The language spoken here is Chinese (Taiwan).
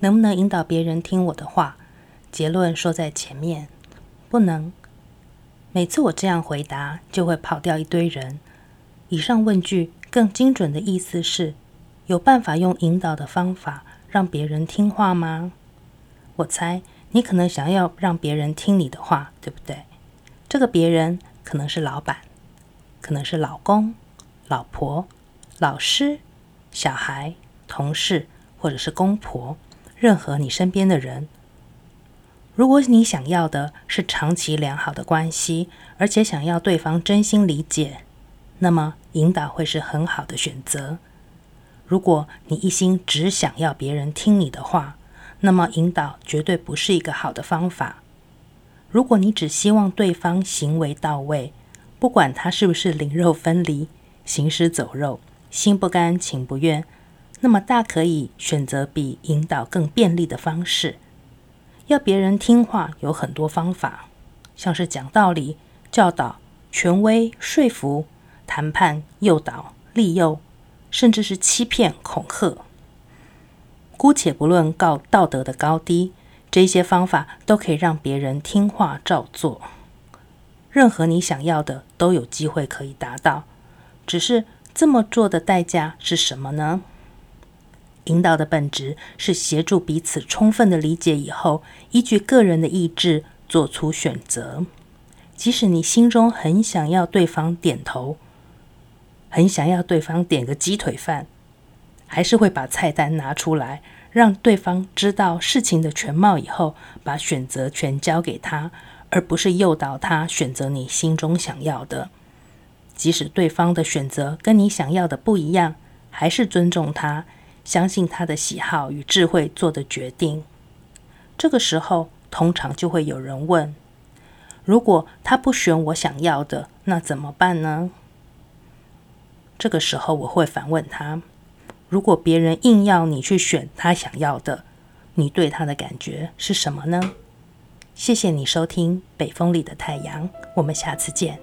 能不能引導別人聽我的話？結論說在前面，不能。每次我這樣回答，就會跑掉一堆人。以上問句更精準的意思是：有辦法用引導的方法讓別人聽話嗎？我猜你可能想要讓別人聽你的話，對不對？這個別人可能是老板，可能是老公、老婆、老師、小孩、同事。或者是公婆，任何你身邊的人，如果你想要的是長期良好的關係，而且想要對方真心理解，那麼引導會是很好的選擇。如果你一心只想要別人聽你的話，那麼引導絕對不是一個好的方法。如果你只希望對方行為到位，不管他是不是靈肉分離、行屍走肉、心不甘情不願。那麼，大可以選擇比引導更便利的方式。要別人聽話，有很多方法，像是講道理、教導、權威、說服、談判、誘導、利誘，甚至是欺騙、恐嚇。姑且不論高道德的高低，這些方法都可以讓別人聽話照做。任何你想要的都有機會可以達到，只是這麼做的代價是什麼呢？引導的本質是協助彼此充分的理解，以後依據個人的意志做出選擇。即使你心中很想要對方點頭，很想要對方點個雞腿飯，還是會把菜單拿出來，讓對方知道事情的全貌，以後把選擇權交給他，而不是誘導他選擇你心中想要的。即使對方的選擇跟你想要的不一樣，還是尊重他。相信他的喜好與智慧做的決定。這個時候，通常就會有人問：“如果他不選我想要的，那怎麼辦呢？”這個時候，我會反問他：“如果別人硬要你去選他想要的，你對他的感覺是什麼呢？”謝謝你收聽《北風裡的太陽》，我們下次見。